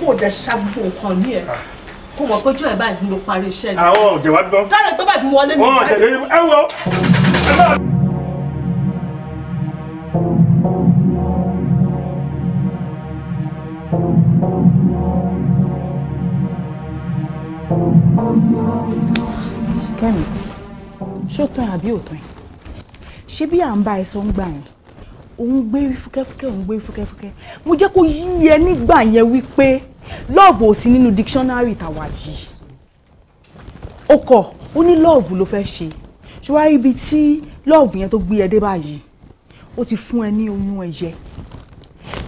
kó o dẹ̀ ṣá gbogbo nǹkan ní ẹ̀ ah. kó mọ̀ pé ojú ẹ̀ báyìí ló parí iṣẹ́ ni. àwọn ah, ọ̀jẹ̀ oh, wá gbọ́. tára ìgbẹ́ báyìí mo wọlé mi. wọn ọ̀jẹ̀ lè ẹ wọ ẹ bá. kẹ́mi ṣó tán àbí òtán ṣé bí à ń bá ẹ sọ ń gbà yẹn òun gbé fúkẹ́fúkẹ́ òun gbé fúkẹ́fúkẹ́ mo jẹ́ kó yí ẹ nígbà yẹn wípé love ò sí nínú dictionary tàwa yìí ó kọ̀ ó ní lọ́ọ̀bù ló fẹ́ ṣe ṣùgbọ́n ibi tí lọ́ọ̀bù yẹn tó gbé ẹ dé báyìí ó ti fún ẹ ní oyún ẹ̀yẹ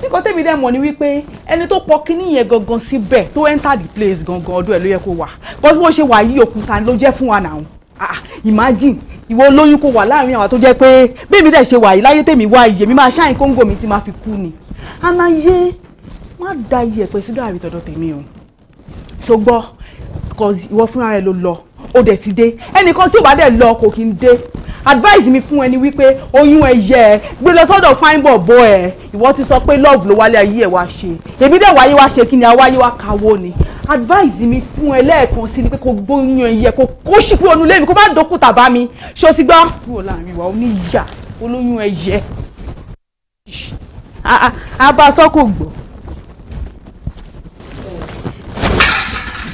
nǹkan tèmi dẹ̀ mọ̀ ni wípé ẹni tó pọ kíní yẹn gangan síbẹ̀ tó enter the place gangan ọdún ẹ̀ ló yẹ kó wà bọ́sí bó ṣe wà yí òkúta ló jẹ́ fún wa náà ah, imagine ìwọ olóyún kò wà láàrin àwọn tó jẹ́ pé bẹ́ẹ̀mi dẹ̀ ṣe wà yìí láyé tèmi wá iye mi máa ṣáàyìn kóńgò mi ti máa fi kú ni aláyé má da iyẹ̀pẹ̀ sí gàrí tọ̀dọ̀ tèmi o ṣùgbọ́n ìwọ fúnra rẹ ló lọ ó dẹ̀ ti dé ẹnìkan tí ò bá dẹ̀ lọ kò kí ń dé advice mi fún ẹ ni wípé oyún ẹ yẹ ẹ gbé lọ sọ́dọ̀ fine boy bọ́ ẹ ìwọ ti sọ pé love ló wálé ayé ẹ wá ṣe èmi dẹ̀ wáyé wá ṣe kí ni awáyé wá kawó ni advice mi fún ẹ lẹ́ẹ̀kan sí ni pé kò gbóyún ẹ yẹ kò kó sì pé onú lẹ́mi kó má dókútà bá mi ṣó ti gbọ́. kúrò láàrin wa oníyà olóyún ẹ yẹ abasọ kò gbọ́.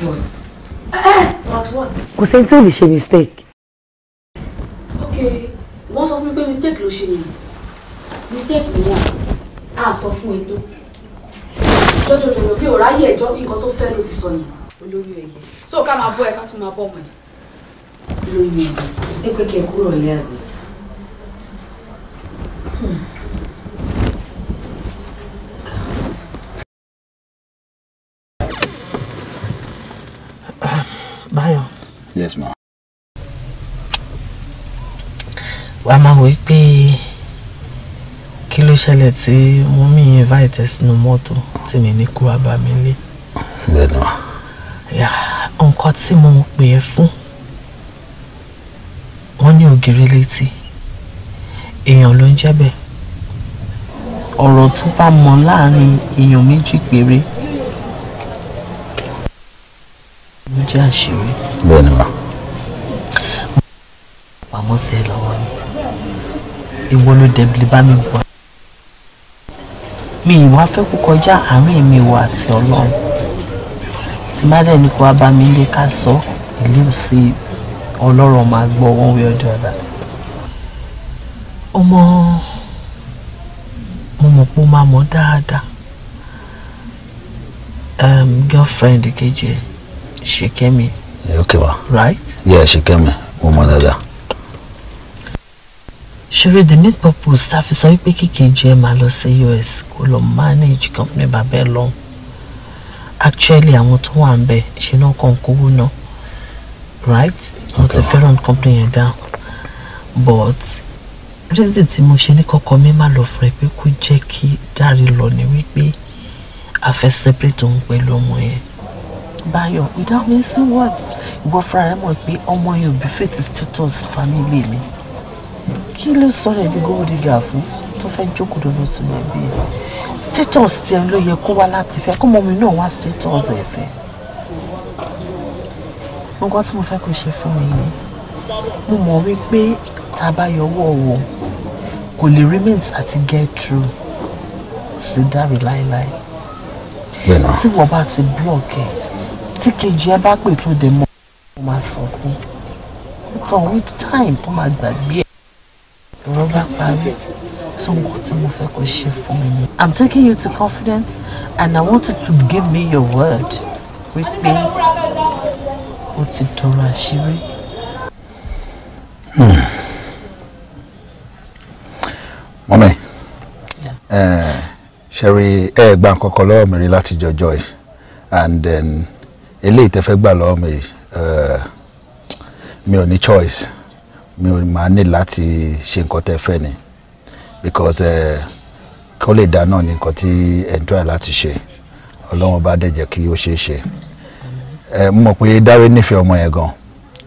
but but what. kò sẹ́ni tí ò lè ṣe mistake wọ́n sọ fún mi pé mistake ló ṣe yẹn mistake ni wọ́n á sọ fún ètò jọjọjọjọ bí ò ráyè ẹjọ́ nǹkan tó fẹ́ ló ti sọ yìí olóyún ẹ̀yẹ so ká máa bọ́ ẹ ká tún máa bọ́ ọmọ ẹ. olóyún ẹ̀yẹ ẹ pé kí ẹ kúrò ilé àgbẹ̀. Hmm. Báyọ̀. Yes ma. wàá máa wí pé kí ló ṣẹlẹ̀ tí mo mi invite sínú mọ́tò tí mi ní kó wá bá mi lé. nǹkan tí mo pè é fún wọ́n ní ògiri létí èèyàn ló ń jẹ́ bẹ́ẹ̀ ọ̀rọ̀ tó bá mọ láàrin èèyàn méjì péré ló jẹ́ àṣírí. bẹ́ẹ̀ ni wá. pamọ́ sí ẹ lọ́wọ́ ni ìwọ ló dẹ̀bìlì bá mi wà mi ìwà fẹ́ kó kọjá àárín mi wà àti ọlọ́run tí má dẹ̀ ní kó wá bá mi lé ká sọ ìlú sí ọlọ́rọ̀ máa gbọ́ wọ́n wí ọjọ́ ọ̀la ọmọ mo mọ̀ pé ó máa mọ̀ dáadáa um, girlfriend kejì ẹ̀ ṣèkẹ́mi. Ṣèkẹ́mi. right. yẹ́ ṣèkẹ́mi mo mọ̀ dáadáa ṣeré the main purpose ta fi sọ wípé Kíkẹ́ńjì máa lọ sí US kó lọ manage company bàbá ẹ̀ actually àwọn tó wà ń bẹ̀ ṣe náà kàn kówó náà right wọ́n ti fẹ́ràn company yẹn down but reason tí mo ṣe ní kọ́kọ́ mi máa lọ fún ẹ pé kó jẹ́ kí Dáre lọ ni wípé a fẹ́ separate òun pẹ̀lú ọmọ yẹn Báyọ̀ without missing words ìwọ fúnra rẹ mọ̀ pé ọmọ yẹn ò bí fètí status family mi kí ló sọ̀rọ̀ ẹ̀dí gold digger fún tó fẹ́ jókòó lọ́dọ̀ sínú ẹbí ẹ̀ status tiẹ̀ ló yẹ kó wá láti fẹ́ kó mọ́mi náà wá status ẹ̀ fẹ́ nǹkan tí mo fẹ́ kó ṣe fún mi yìí mo mọ̀ wípé tá a bá yọwọ́ wọ kò lè remains àti get through sí dáre láéláé tí wọ́n bá ti block ẹ̀ tí kejì ẹ bá pè tó dẹ̀ mọ́ ọ́ máa sọ fún un tán with time tó máa gbàgbé ẹ̀ ọ̀rọ̀ bá parí so nǹkan tí mo fẹ́ kó I'm taking you to confidence and I want you to give me your word wípé o ti tọrọ àṣírí. Hmm. mọ́mí ṣẹ̀rí ẹ gba nǹkan kan lọ́wọ́ mi rí láti jọjọ́ and then eléyìí tẹ́ fẹ́ gbà lọ́wọ́ me mi ò ní choice mi ò máa ní láti ṣe nǹkan tẹ́ fẹ́ ni because eh, kó lè dá náà ní nǹkan tí ẹ̀ ẹ̀ láti ṣe ọlọ́run bá dẹ̀ jẹ́ kí ó ṣeé ṣe ẹ eh, mọ̀ pé dáre nífẹ̀ẹ́ ọmọ yẹn gan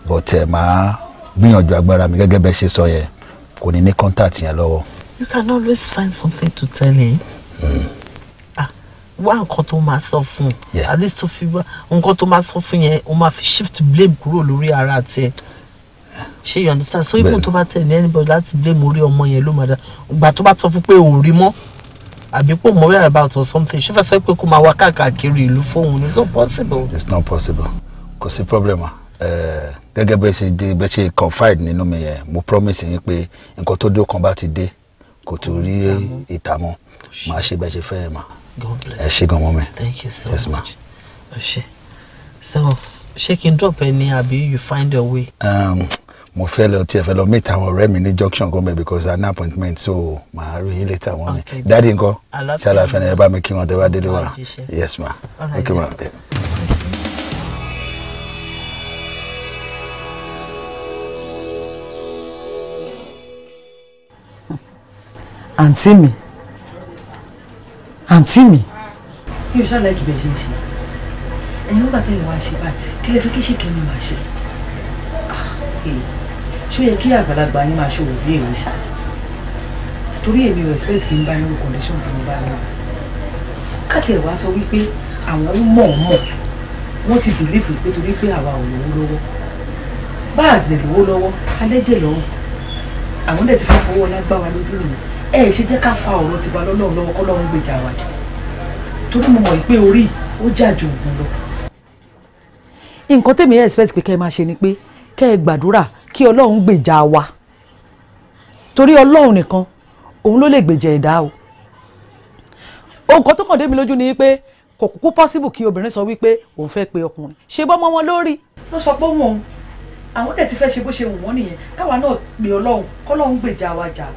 but ẹ eh, máa gbìyànjú agbára mi gẹ́gẹ́ bẹ́ẹ̀ ṣe sọ yẹn kò ní ní contact yẹn lọ́wọ́. you can always find something to tell me. Hmm. ah wá nǹkan tó máa sọ fún at least tó fi wá nǹkan tó máa sọ fún yẹn o máa fi shift blame kúrò lórí ara tiẹ̀ ṣé you understand so even tó bá tẹ̀ ní anybody láti blame orí ọmọ yẹn ló máa da ìgbà tó bá sọ fún pé ò rí mọ́ àbí pò mọ́ wíwá about or something ṣé fẹ́ pé kó máa wá káàkiri ìlú fóun it's not possible. it's not possible kò sí problem eh, gẹ́gẹ́ bẹ́ẹ̀ ṣe dé bẹ́ẹ̀ ṣe confide nínú mi yẹn mo promise yín pé nǹkan tó dé kan bá ti dé kò tó rí ìtààmú màá ṣe bẹ́ẹ̀ ṣe fẹ́ ẹ̀ mà ẹ ṣe gan mọ́ mi thank you so yes, much so ṣé kí n drop ẹ ní àbí you find your way. Um, mo fẹ́ lọ tiẹ̀ fẹ́ lọ meet àwọn ọ̀rẹ́ mi ní junction gombe because i had an appointment so màá rí yín later wọ́n mi dáàdi nǹkan ṣáàlà fẹ́ni ẹ bá mi kí wọn tẹ́ bá délé wa yes ma ok ma. (laughs) àǹtí mi àǹtí mi. yóò ṣàlàyé kí bẹ́ẹ̀ ṣe ń ṣe ẹ̀yin nígbà tẹ́lẹ̀ wá ṣe báyìí kí lè fi kí ṣìkì mi máa ṣe. Ah, ṣó yẹ kí àgbàlagbà yín máa ṣòwò bí èrè ṣá torí èmi ò expect kí n bá irú condition tí mo bá lọ káti ẹ̀ wá sọ wípé àwọn mọ̀ mọ̀ wọ́n ti believe pé torí pé àwa ò lówó lọ́wọ́ báàs lè lówó lọ́wọ́ alẹ́jẹ̀ lọ́rùn àwọn dẹ̀ ti fẹ́ fọwọ́ lágbára lójú mi ẹ ṣe jẹ́ ká fa ọ̀rọ̀ tiwa lọ́lọ́run lọ́wọ́ kọ́ lọ́run gbèjà wa jẹ torí mo mọ̀ pé orí ó jàjò ògùn lọ. nǹkan tèmi expect pé kẹ́ ẹ máa ṣe ni pé kẹ́ ẹ gbàdúrà kí ọlọ́run gbèjà wa torí ọlọ́run nìkan òun ló lè gbèjà ẹ̀dá o ohun kan tó kàn dé mi lójú ni pé kò kúkú possible kí obìnrin sọ wípé òun fẹ́ pe ọkùnrin ṣe bọ́ mọ́ wọn lórí. ló sọ pé wọn àwọn dẹ̀ ti fẹ́ ṣe bó ṣe wù wọ́n nìyẹn káwa náà pè ọlọ́run kọ́lọ́run gbèjà wa jà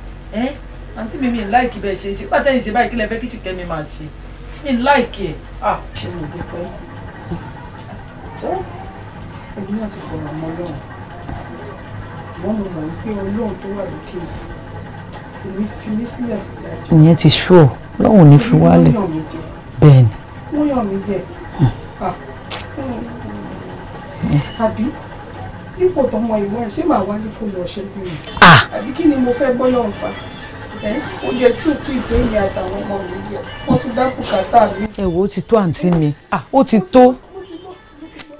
ẹ́ àǹtí mi mi ń láìkì bẹ́ẹ̀ ṣe ṣe pàtẹ́ ìṣe báyìí kí fẹ́ kí ṣìkẹ́ mi máa ṣe mi ń láìkì ẹ̀ à ṣe mo dúpẹ́ ẹ̀gbọ́n ti fọ̀rọ̀ mọ́ ọlọ́run ṣùgbọ́n mo mọ̀ wípé ọlọ́run tó wà lókè kò ní fi mí sílẹ̀ fún ìdájọ́. ìyẹn ti ṣú ọ lọ́hùn ní fi wálẹ̀ bẹ́ẹ̀ ni. wọ́n yàn mí jẹ hmm. àbí ipò tọmọ ìwọ ẹ ṣé màá wálé kó lọ ṣẹ́gun mi àbí kí ni mo fẹ́ bọ́ lọ́hùn fa oúnjẹ tí ò tí ì tó ìyá àtàwọn ọmọ mi jẹ wọ́n tún dá bùkátà mi. ẹ wo ó ti tó àǹtí mi ó ti tó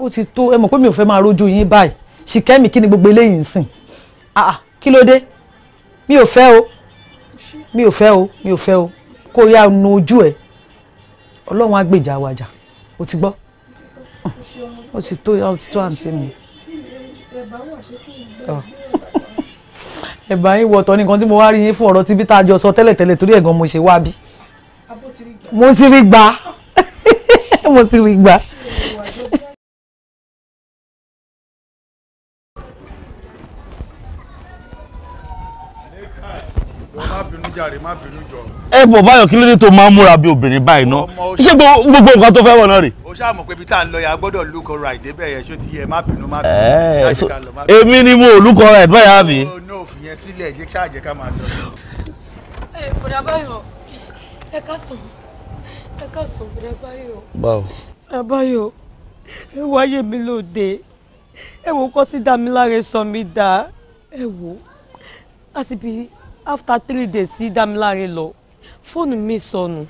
ó ti tó ẹ mọ̀ pé mi ò fẹ́ máa rójú yín báyìí ṣìkẹ́mi kí ni gbogbo eléyìí ń sìn. Ah, ah kí ló dé mi ò fẹ́ o mi ò fẹ́ o mi ò fẹ́ o kó o yá nu ojú ẹ ọlọ́run á gbèjà wa o ti gbọ́ o ti tó o ti tó àǹtí mi. ẹ̀bà yín wọ̀tọ̀ nìkan tí mo wá rí yín fún ọ̀rọ̀ tí bí tá a jọ sọ tẹ́lẹ̀tẹ́lẹ̀ torí ẹ̀gan mo ṣe wá bí mo ti rí gbà (laughs) mo ti rí gbà. jàre má bínú jọ. ẹ bọ̀ báyọ̀ kí ló dé tó máa ń múra bí obìnrin báyìí náà ṣé gbogbo nǹkan tó fẹ́ wọ̀ náà rè. o ṣáà mọ̀ pé bí tá a lọ yà gbọ́dọ̀ lukọ ra ìdè bẹ́ẹ̀ yẹn ṣó ti yẹ má bínú má bínú. èmi ni mo lukọ ra ìdè báyà mi. no fìyẹn sílẹ̀ jẹ́ ṣáà jẹ́ ká máa lọ. ẹ bọ̀dà báyọ̀ ẹ ká sùn ẹ ká sùn bọ̀dà báyọ̀. báwo. àbáyọ̀ ẹ wáyé mi lóde ẹ wò kọ́ sí ẹ wò after three days sí dámiláre lọ fóònù mi sọnù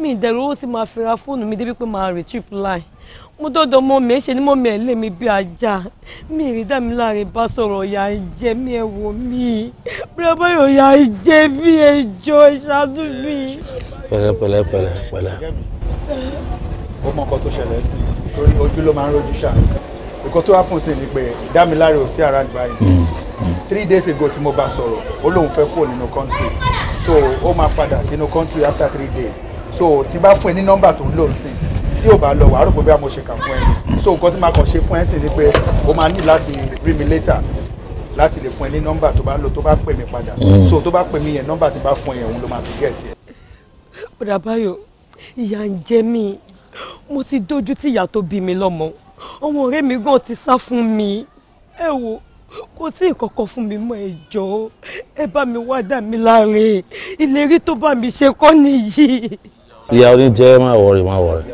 mi ìdẹ̀rù owó tí máa fi fóònù mi débi pé máa retrieve line mo dọ́dọ̀ mọ́ mi ṣe ni mọ́ mi ẹ̀ mi bí ajá mi rí dámiláre bá sọ̀rọ̀ ọ̀yà ń jẹ ẹ wò mí bírábá ọ̀yà ń jẹ mí ẹ ìṣáájú mi. pẹ̀lẹ́ pẹ̀lẹ́ pẹ̀lẹ́ pẹ̀lẹ́. ó mọ ọkọ tó ṣẹlẹ̀ sí i torí ojú ló máa ń rojú ṣáà nǹkan tó happen sí ni pé Dámiláre ò sí around báyìí mm, mm. three days ago tí mo bá sọ̀rọ̀ ó lóun fẹ́ kúrò nínú country so ó máa padà sínú country after three days so tí bá fún ẹ ní nọ́mbà tó ń lò sí tí ò bá lọ wàá rò pé bí mo ṣe kà fún ẹ so nǹkan tí màá kàn ṣe fún ẹ sì ni pé o máa ní láti rí mi later láti lè fún ẹ ní nọ́mbà tó bá lò tó bá pè mí padà mm. so tó bá pè mí yẹn nọ́mbà tí bá fún ẹ yẹn òun ló máa fi gẹ̀ tiẹ̀. ọ̀dà báyọ̀ ìyà ń jẹ mí mo ti dójú tí ìyá tó bí mi lọ́mọ ọmọ ọ̀rẹ́ mi gan ti sá fún mi ẹ wo kò sí ìkọ̀kọ̀ fún mi mọ́ ẹ jọ̀ọ́ ẹ bá mi wá dà mí láre ìlérí tó bá mi ṣe kọ́ nìyí. ìyá oníjẹ má wọrí má wọrí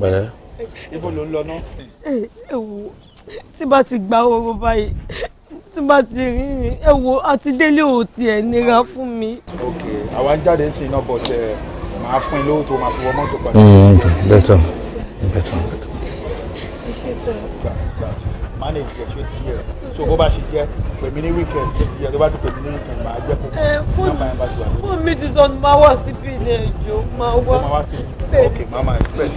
pẹ̀lẹ́. ibo ló ń lọ ná. ẹ wo tí bá ti gba oorun báyìí tí bá ti rìnrìn ẹ wo àti délé ò tiẹ̀ nira fún mi. ok àwa ń jáde sí iná bọ̀ṣẹ̀ máa fún yín lówó tó máa fi wọ mọ́tò padà. bẹ́tọ̀ bẹ́tọ̀ bẹ́tọ̀ má lè jẹ ṣé ti yẹ so okay mama expect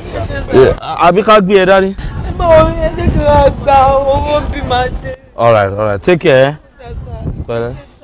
it. àbí ká gbé ẹ e dání. ẹ bá wọn ẹ jẹ́ kí owó bí máa dé. all right all right take care. Eh? pẹ̀lẹ́. Yes,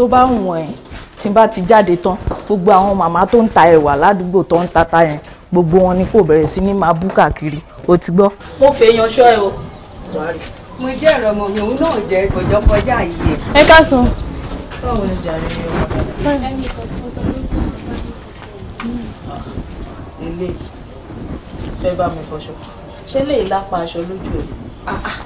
tó bá wùn ẹ́ tí n bá ti jáde tán gbogbo àwọn màmá tó ń ta ẹ̀wà ládùúgbò tó ń ta ta yẹn gbogbo wọn ni kò bẹ̀rẹ̀ sí ní máa bú káàkiri o ti gbọ́. mo fẹ́ yanṣọ́ ẹ o. mo jẹ́ ẹ̀rọ ọmọ mi òun náà jẹ́ kọjọ kọjá yìí. ẹ ká sọ. báwo ni jàre ni o. ẹnì ilé fẹ́ bá mi fọṣọ. ṣé lè lápá aṣọ lójú ẹ̀. Ah, ah.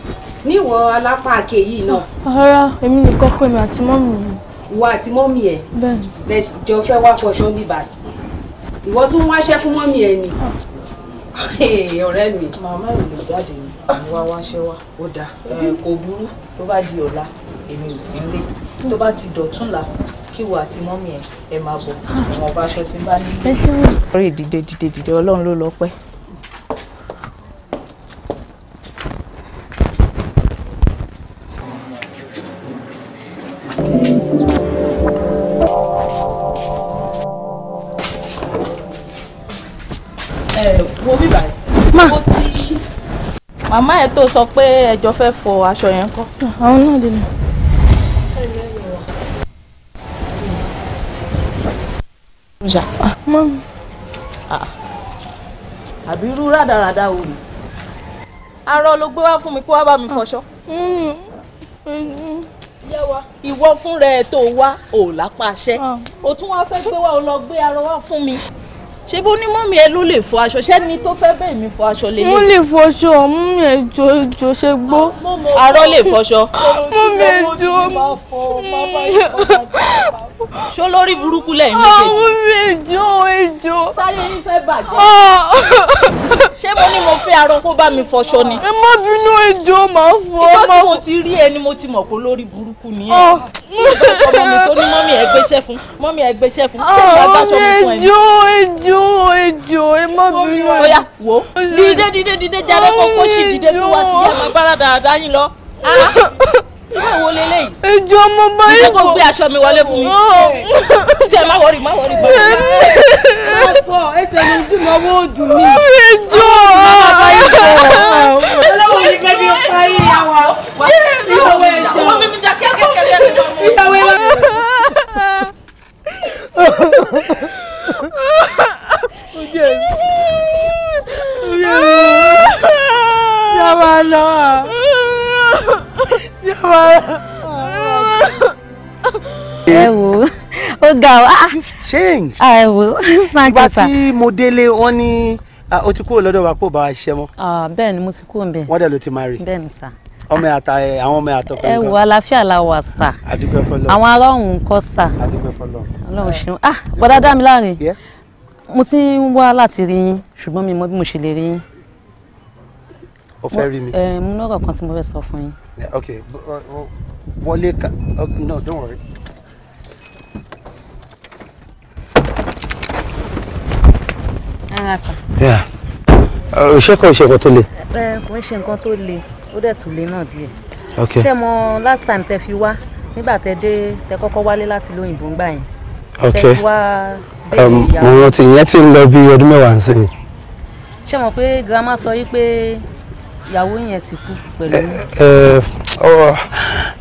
níwọ̀n alápá àkè yìí náà. rárá èmi nìkan pè mí àti mọ́mì mi ìwọ àti mọ́mì ẹ̀ lẹ jọ fẹ́ wá fọṣọ bí báyìí ìwọ tún ń wáṣẹ́ fún mọ́mì ẹ̀ ni ah. ọ̀rẹ́ mi. màmá ò lè jáde ni àwa wáṣẹ́ wa ó dáa kò burú tó bá di ọ̀la èmi ò sí nílé tó bá ti dọ̀túnla kí wo àti mọ́mì ẹ̀ ẹ̀ máa bọ̀ àwọn ọba aṣọ tí ń bá nílé. ẹ ṣé wọ́n. orí ìdìde dìde dìde ọlọ́run ló lọ pẹ́. màmá ẹ tó sọ pé ẹjọ fẹ́ fọ aṣọ yẹn kọ́. àwọn náà dì ní. Ah, ah. àbí irú rádaràda wò ni. arọ ló gbé wá fún mi kó wá bá mi ah. fọṣọ. Mm-hmm. ìwọ fúnra ẹ tó wá ò lápá aṣẹ o tún wá fẹ́ gbé wá o lọ gbé arọ wá fún mi ṣé bó ní mọ́mí ẹ ló lè fọ aṣọ ṣẹ́ni tó fẹ́ bẹ́ẹ̀ mi fọ aṣọ lélẹ̀. mo lè fọṣọ mú mi ẹjọ ẹjọ ṣe gbó. Ah, arọ lè fọṣọ. mú mi ẹjọ ṣó lórí burúkú lẹ́yìn ah, méjèèjì. mú mi ẹjọ ẹjọ. sáyé yín fẹ́ bàjẹ́. Ah. (laughs) ṣé mo ní mo fẹ́ arọ kó bá mi fọṣọ ni. ẹ má bínú ẹjọ́ máa fọ. ìjọ tí mo ti rí ẹni mo ti mọ̀ pé lórí burúkú ni ẹ. Ah. mọ́mí ẹ gbéṣẹ́ fún mọ́mí ẹ gbéṣẹ́ fún ṣé ẹjọ́ ẹjọ́ ẹjọ́ ẹ má bínú. ọya wo dídé dídé dídé jáde kọ́kọ́ sì dídé fún wa ti yá máa gbára dáadáa yín lọ. (laughs) ìwé ìwo leléyìí. ìjọ mo bá yín kò. ìjọ gbé aṣọ mi wọlé fún mi. Oh. jẹ má wọrí má wọrí má wọrí. ọ̀pọ̀ ẹsẹ̀ mi dùn lọ́wọ́ òdùn mi. ìjọ. ọ̀pọ̀ bá yín kò. olówó mi fẹ́ bí ó pa yín yá wa. ìwọ ẹ̀jẹ̀. ga o. you've changed. I will. thank you sir. ìgbà tí mo délé wọn ní ah, o ti kúrò lọ́dọ̀ wa kó bá wa ṣiṣẹ́ mọ́. Ah, bẹ́ẹ̀ ni mo ti kúrò bẹ́ẹ̀. wọ́n dẹ̀ ló ti máa rí. bẹ́ẹ̀ ni sà. ọmọ ẹ̀ àtà ẹ̀ àwọn ọmọ ẹ̀ àtọ́ ẹ wo àlàáfíà la wà sà. adúpẹ́ fọlọ́. àwọn ará òun kọ́ sà. adúpẹ́ fọlọ́. ọlọ́run ṣeun ah bọ́dá dá mi láre. mo ti ń wá láti rí yín ṣùgbọ́n mi mọ bí mo ṣe lè rí yín. o fẹ́ rí mi. ẹ eh, mo lọ́rọ̀ kan tí mo fẹ́ sọ fún yín. ok wọlé ka no don't worry. rárá sà. Uh, ṣé kò ń ṣe nǹkan tó le. kò ń ṣe nǹkan tó le ó dẹ̀ tún le náà díẹ̀. ṣé mo last time tẹ fi wá nígbà tẹ dé tẹ kọ́kọ́ wálé láti lóyìnbó ńgbà yẹn. tẹ fi wá bẹ́ẹ̀ um, ìyàwó. mo rántí ìyẹn ti ń lọ bí ọdún mẹ́wàá ń sìn. ṣé mo pé girama sọ yìí pé ìyàwó yẹn ti kú pẹ̀lú. Eh, eh, oh,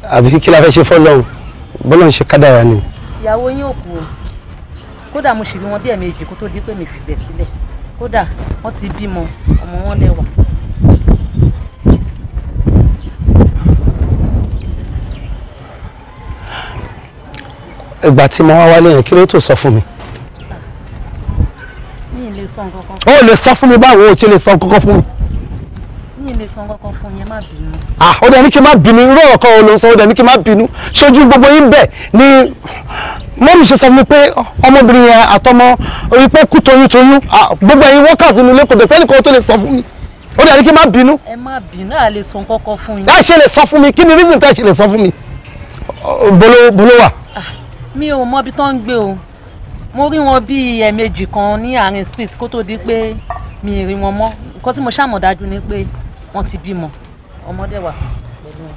àbí kí la fẹ́ ṣe fọ́lọ́hún bọ́lá ń ṣe kádàrá ni. ìyàwó yín ò kú o kódà mo ṣì rí wọn bí ẹ̀ẹ̀mejì kó tó di pé mi fìbẹ̀ sílẹ̀ kódà wọ́n ti bímọ ọmọ wọn lẹ́wà. ìgbà tí mo wá wálé yẹn kí ló tó sọ fún mi. mi ì lè sọ nǹkan kan. o lè sọ fún mi báwo o ti lè sọ nǹkan kan fún mi ah ó dẹ̀ ní kí n má bínú irú ọ̀rọ̀ kan ò ló ń sọ ó dẹ̀ ní kí n má bínú ṣojú gbogbo yín bẹ̀ ni mọ́mí ṣe sọ fún mi pé ọmọbìnrin yẹn àtọmọ orí pé kú toyún toyún gbogbo ẹ̀yin workers nínú ilé kò dẹ̀ sẹ́nìkan tó lè sọ fún mi ó dẹ̀ ní kí n má bínú. ẹ má bínú à lè san kankan fún yín. ẹ ṣe lè sọ fún mi kí ni reason tẹ́ ṣe lè sọ fún mi bolo bolo wa. Ah, mi ò mọ ibi tó ń gbé o mo rí wọn bíi ẹ̀ẹ̀mejì kan ní àárín street kó tó di pé mi ì rí wọn mọ́ nǹkan tí mo ṣàmọ̀dájú ni pé wọ́n ti bímọ ọmọdé wà pẹ̀lú wọn.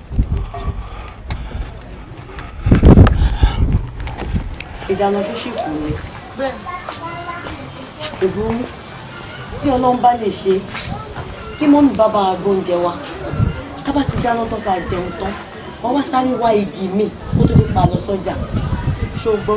ìdáná ṣíṣì kù ni ìbúrú tí ọlọ́run bá lè ṣe kí mọ́mí bàbá agbóúnjẹ wa ká bá ti dáná tán ká jẹun tán wọ́n wá sáré wá igi míì kó tó lè pa lọ sọ́jà ṣó gbọ́.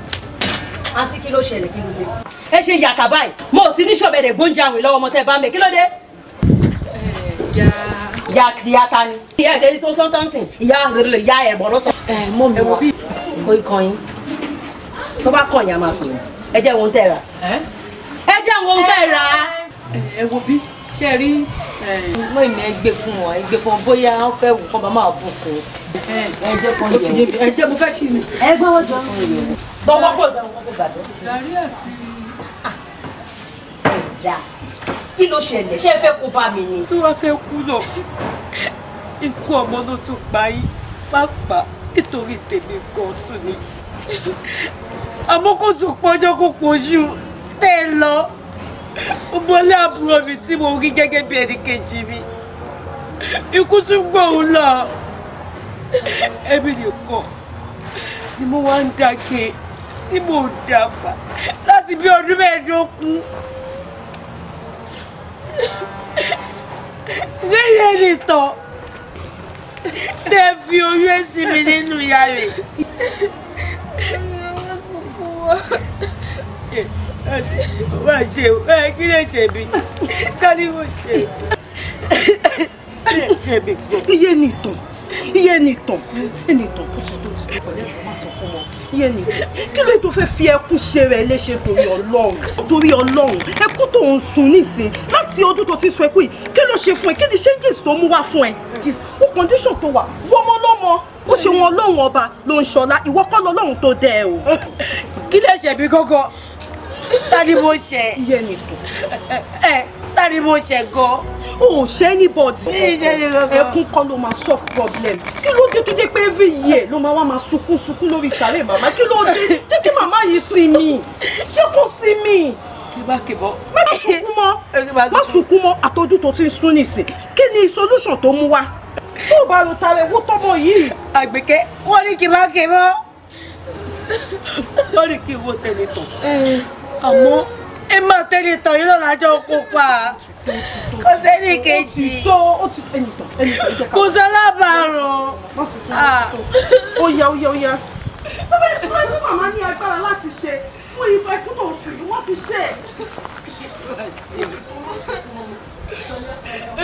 àǹtí kí ló ṣẹlẹ̀ kí ló dé. ẹ ṣe yàkà báyìí mo sì ní ṣọ̀bẹ̀dẹ̀ gbóúnjẹ àwìn lọ́wọ́ ọmọ tẹ́ ẹ bá ń bẹ kí ló dé. ìyá ta ni. ìyá ìdẹ́ni tó tán tán sìn ìyá rẹ̀ ìyá ẹ̀ bọ̀ lọ́sàn. ẹ mọ mi wá kó ikàn yín tó bá kàn yín a máa pè é ẹ jẹ́ wọn tẹ́ ra. ẹ jẹ́ wọn tẹ́ ra. ẹ wo bí ṣe rí. mọ ìmọ̀ ẹgbẹ́ fún wọn ẹgbẹ́ fún wọn bóyá wọ́n fẹ́ wù kán máa bù kún un ẹ jẹ́ mo fẹ́ ṣí mi. ẹ gbọ́ wọ́n jọ. bọ́wọ́ kò dá wọn kó gbàdọ́. darí àti. ẹ̀dá kí ló ṣẹlẹ̀ ṣé ẹ fẹ́ kó bá mi ni. tí wọ́n fẹ́ kú lọ ikú ọmọ ló tún pa yín pàápàá nítorí tèmi kan tún ni àmọ́ kó tún pọ́jọ́ kó pojú tẹ́ ẹ lọ ọmọlé àbúrò mi tí mo rí gẹ́gẹ́ bí ẹnì kejì mi ikú tún gbóhùn lọ ẹbí (laughs) nìkan ni mo wá ń dàgé tí mo dàfà láti bí ọdún mẹ́ẹ̀ẹ́dógún lẹ́yìn ẹni tán tẹ́ fi oyún ẹ̀sìn mi nínú ìyá rẹ̀. Má ṣe ẹ kí lè ṣèbí tálíwò ṣe. Kí lè ṣèbí gbọ́. Iye nìtàn iye nìtàn ẹnìtàn tó ti tó ti pẹ̀lẹ́ kò má sọ fún wọn iye nìtàn kí ló tó fẹ́ fi ẹkún ṣe rẹ̀ léṣe torí ọlọ́run torí ọlọ́run ẹkún tó ń sun nísìn láti ọdún tó ti sọ ẹkún yìí kí ló ṣe fún ẹ kí ni changes tó mú wá fún ẹ ó condition tó wà wọ́mọ́ lọ́mọ ó ṣe wọn ọlọ́run ọba ló ń ṣọlá ìwọ kọ́ lọ́lọ́run tó dẹ o. kí lè ṣe bí gọ́gọ́ ta ni mo ṣe. iye nìtàn sista ni mo ṣe gan. o ò ṣe anybody. ẹkún kọ́ ló máa solve problem. kí ló dé tó dé pé every year ló máa wá máa sunkún sunkún lórí sàárè màmá kí ló dé jẹ́ kí màmá yìí sinmi ṣé kò sinmi kìbákìbọ. (laughs) má sunkún mọ́ má sunkún mọ́ àtọ́jú tó ti ń sún nìsín kí ni solution tó mú wa. tó o bá ro tara ewu tọmọ yìí. àgbèké wọ́n ní kìbákìbọ. wọ́n ní kí n wo tẹ̀lé tán. àmọ́ ẹ máa tẹ́lẹ̀ tán yín lọ́la jọ kópa kò sẹ́ni kejì kò sálábàárò. Ah. ó yá ó yá ó yá. tó bá tó bá tó màmá ní agbára láti ṣe fún ibà tó bò fún wọn ti ṣe.